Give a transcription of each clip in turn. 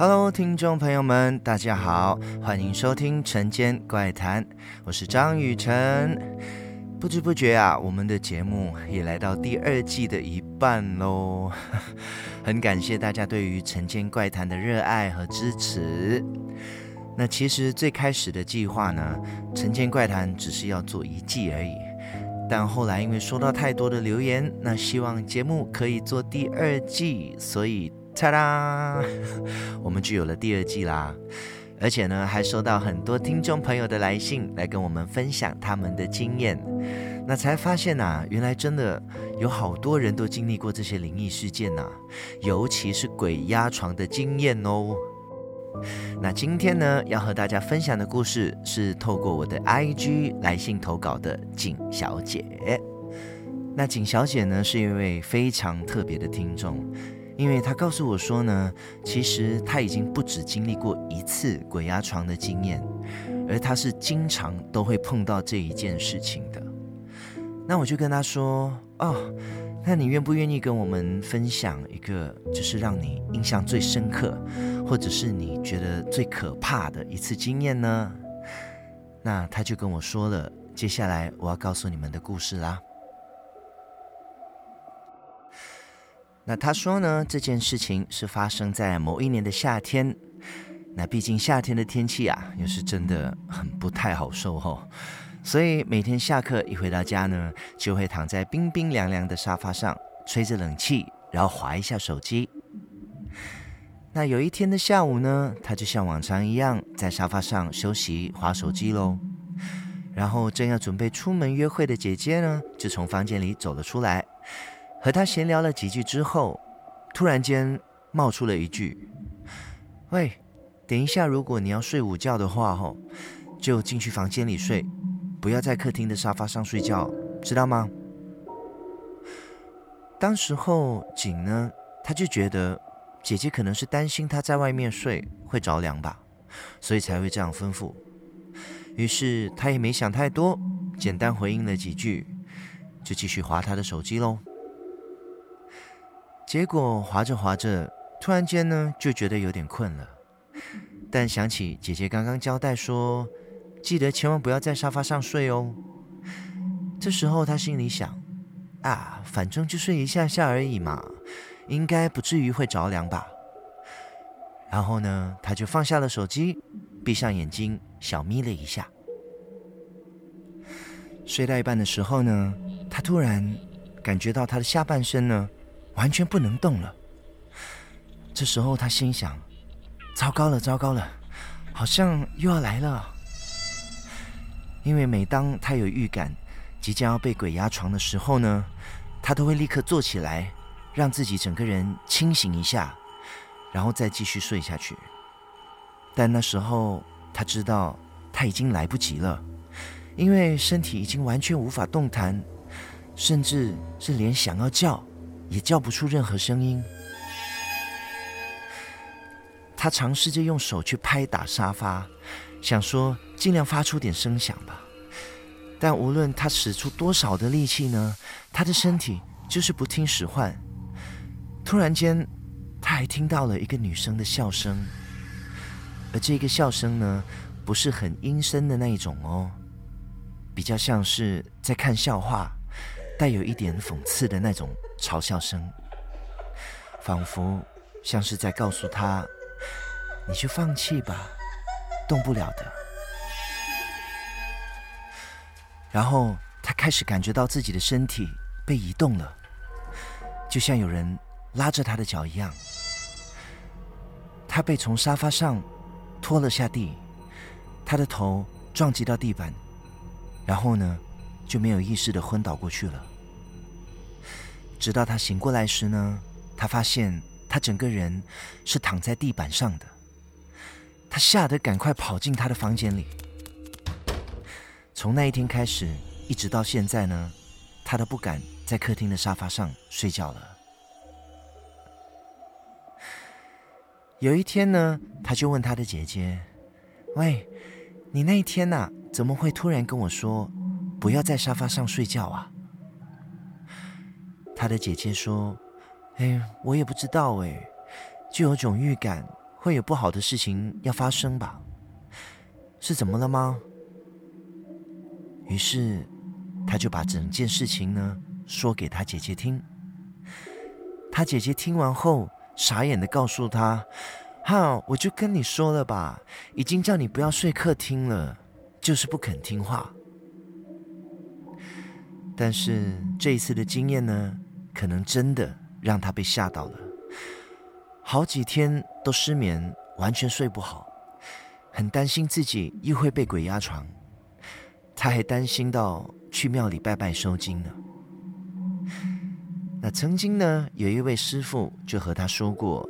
Hello，聽眾朋友們，大家好，歡迎收聽《辰間怪談》，我是張雨晨。不知不覺啊，我們的節目也來到第二季的一半嘍。 很感謝大家對於《辰間怪談》的熱愛和支持。那其實最開始的計劃呢，《辰間怪談》只是要做一季而已，但後來因為收到太多的留言，那希望節目可以做第二季，所以，擦啦，我們就有了第二季啦，而且呢，還收到很多聽眾朋友的來信，來跟我們分享他們的經驗。那才發現吶，原來真的有好多人都經歷過這些靈異事件吶，尤其是鬼壓床的經驗哦。那今天呢，要和大家分享的故事是透過我的 IG 來信投稿的景小姐。那景小姐呢，是一位非常特別的聽眾。因為他告訴我說呢，其實他已經不止經歷過一次鬼壓床的經驗，而他是經常都會碰到這一件事情的。那我就跟他說，哦，那你願不願意跟我們分享一個，就是讓你印象最深刻，或者是你覺得最可怕的一次經驗呢？那他就跟我說了，接下來我要告訴你們的故事啦。那他說呢，這件事情是發生在某一年的夏天。那畢竟夏天的天氣啊，又是真的很不太好受哦，所以每天下課一回到家呢，就會躺在冰冰涼涼的沙發上，吹着冷氣，然後滑一下手機。那有一天的下午呢，他就像往常一樣在沙發上休息、滑手機咯。然後正要準備出門約會的姐姐呢，就從房間裡走了出來。和他閒聊了幾句之後，突然間冒出了一句：“喂，等一下，如果你要睡午覺的話，吼，就進去房間裡睡，不要在客廳的沙發上睡覺，知道嗎？”當時候景呢，他就覺得姐姐可能是擔心他在外面睡會着涼吧，所以才會這樣吩咐。於是他也沒想太多，簡單回應了幾句，就繼續滑他的手機嘍。結果滑着滑着，突然間呢，就覺得有點困了。但想起姐姐剛剛交代說，記得千萬不要在沙發上睡哦。這時候她心裡想，啊，反正就睡一下下而已嘛，應該不至於會着涼吧。然後呢，她就放下了手機，閉上眼睛，小眯了一下。睡到一半的時候呢，她突然感覺到她的下半身呢。完全不能動了。這時候，他心想：“糟糕了，糟糕了，好像又要來了。”因為每當他有預感即將要被鬼壓床的時候呢，他都會立刻坐起來，讓自己整個人清醒一下，然後再繼續睡下去。但那時候，他知道他已經來不及了，因為身體已經完全無法動彈，甚至是連想要叫。也叫不出任何聲音。他嘗試着用手去拍打沙發，想說盡量發出點聲響吧。但無論他使出多少的力氣呢，他的身體就是不聽使喚。突然間，他還聽到了一個女生的笑聲，而這個笑聲呢，不是很陰森的那一種哦，比較像是在看笑話，帶有一點諷刺的那種。嘲笑聲，仿佛像是在告訴他：“你就放棄吧，動不了的。”然後他開始感覺到自己的身體被移動了，就像有人拉着他的腳一樣。他被從沙發上拖了下地，他的頭撞擊到地板，然後呢，就沒有意識的昏倒過去了。直到他醒過來時呢，他發現他整個人是躺在地板上的。他嚇得趕快跑進他的房間裡。從那一天開始，一直到現在呢，他都不敢在客廳的沙發上睡覺了。有一天呢，他就問他的姐姐：“喂，你那一天吶，怎麼會突然跟我說不要在沙發上睡覺啊？”他的姐姐說：“哎，我也不知道哎，就有種預感會有不好的事情要發生吧？是怎麼了嗎？”於是他就把整件事情呢說給他姐姐聽。他姐姐聽完後傻眼的告訴他：“好，我就跟你說了吧，已經叫你不要睡客廳了，就是不肯聽話。”但是這一次的經驗呢，可能真的讓他被嚇到了，好幾天都失眠，完全睡不好，很擔心自己又會被鬼壓床。他還擔心到去廟裡拜拜收驚呢。那曾經呢，有一位師傅就和他說過，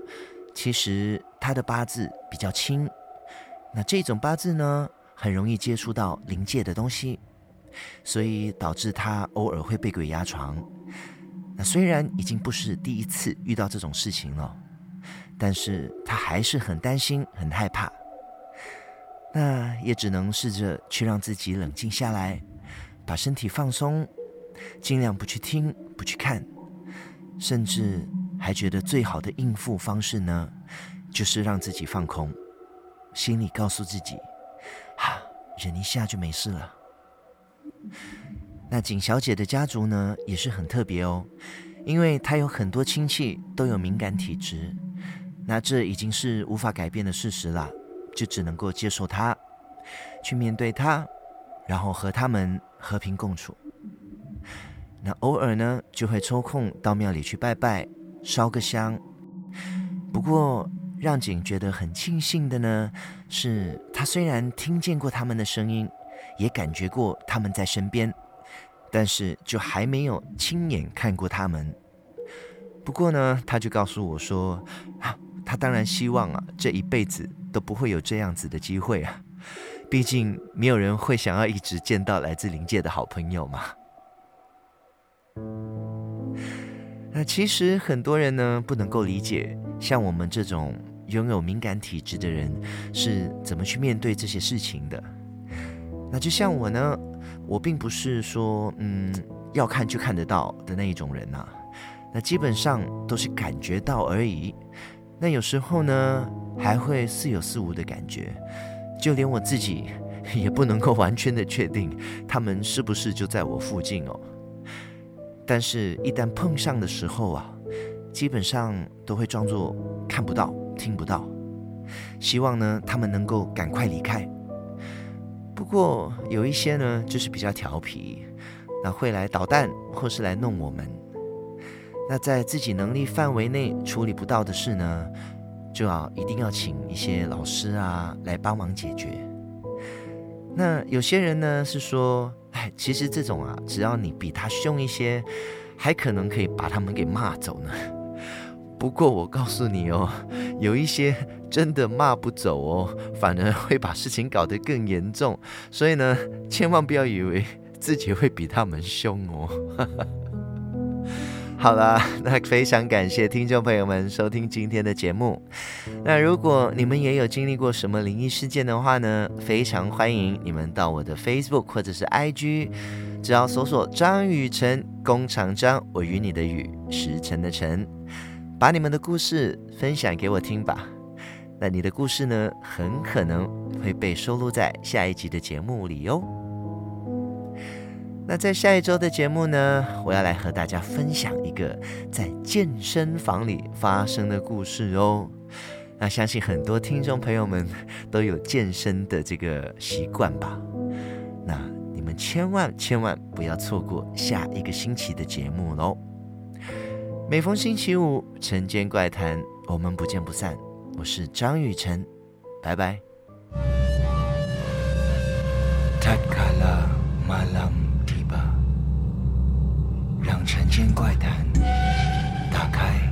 其實他的八字比較輕，那這種八字呢，很容易接觸到靈界的東西，所以導致他偶爾會被鬼壓床。雖然已經不是第一次遇到這種事情了，但是他還是很擔心、很害怕。那也只能試着去讓自己冷靜下來，把身體放鬆，盡量不去聽、不去看，甚至還覺得最好的應付方式呢，就是讓自己放空，心裡告訴自己，啊，忍一下就沒事了。那景小姐的家族呢，也是很特別哦，因為她有很多親戚都有敏感體質，那這已經是無法改變的事實了，就只能夠接受她，去面對她，然後和他們和平共處。那偶爾呢，就會抽空到廟裡去拜拜，燒個香。不過讓景覺得很慶幸的呢，是她雖然聽見過他們的聲音，也感覺過他們在身邊。但是就還沒有親眼看過他們。不過呢，他就告訴我說：“啊，他當然希望啊，這一輩子都不會有這樣子的機會啊。畢竟沒有人會想要一直見到來自靈界的好朋友嘛。”那其實很多人呢，不能夠理解像我們這種擁有敏感體質的人是怎麼去面對這些事情的。那就像我呢。我並不是說，嗯，要看就看得到的那一種人吶，啊，那基本上都是感覺到而已。那有時候呢，還會似有似無的感覺，就連我自己也不能夠完全的確定他們是不是就在我附近哦。但是，一旦碰上的時候啊，基本上都會裝作看不到、聽不到，希望呢，他們能夠趕快離開。不過有一些呢，就是比較調皮，那會來搗蛋或是來弄我們。那在自己能力範圍內處理不到的事呢，就要一定要請一些老師啊來幫忙解決。那有些人呢是說，哎，其實這種啊，只要你比他兇一些，還可能可以把他們給罵走呢。不過我告訴你哦，有一些真的罵不走哦，反而會把事情搞得更嚴重。所以呢，千萬不要以為自己會比他們兇哦。 好啦，那非常感謝聽眾朋友們收聽今天的節目。那如果你們也有經歷過什麼靈異事件的話呢，非常歡迎你們到我的 Facebook 或者是 IG，只要搜索“張雨辰，弓長張”，我與你的雨，時辰的辰。把你們的故事分享給我聽吧。那你的故事呢，很可能會被收錄在下一集的節目裡哦。那在下一周的節目呢，我要來和大家分享一個在健身房裡發生的故事哦。那相信很多聽眾朋友們都有健身的這個習慣吧。那你們千萬千萬不要錯過下一個星期的節目嘍。每逢星期五，晨間怪談，我們不見不散。我是張雨晨，拜拜。讓晨間怪談打開。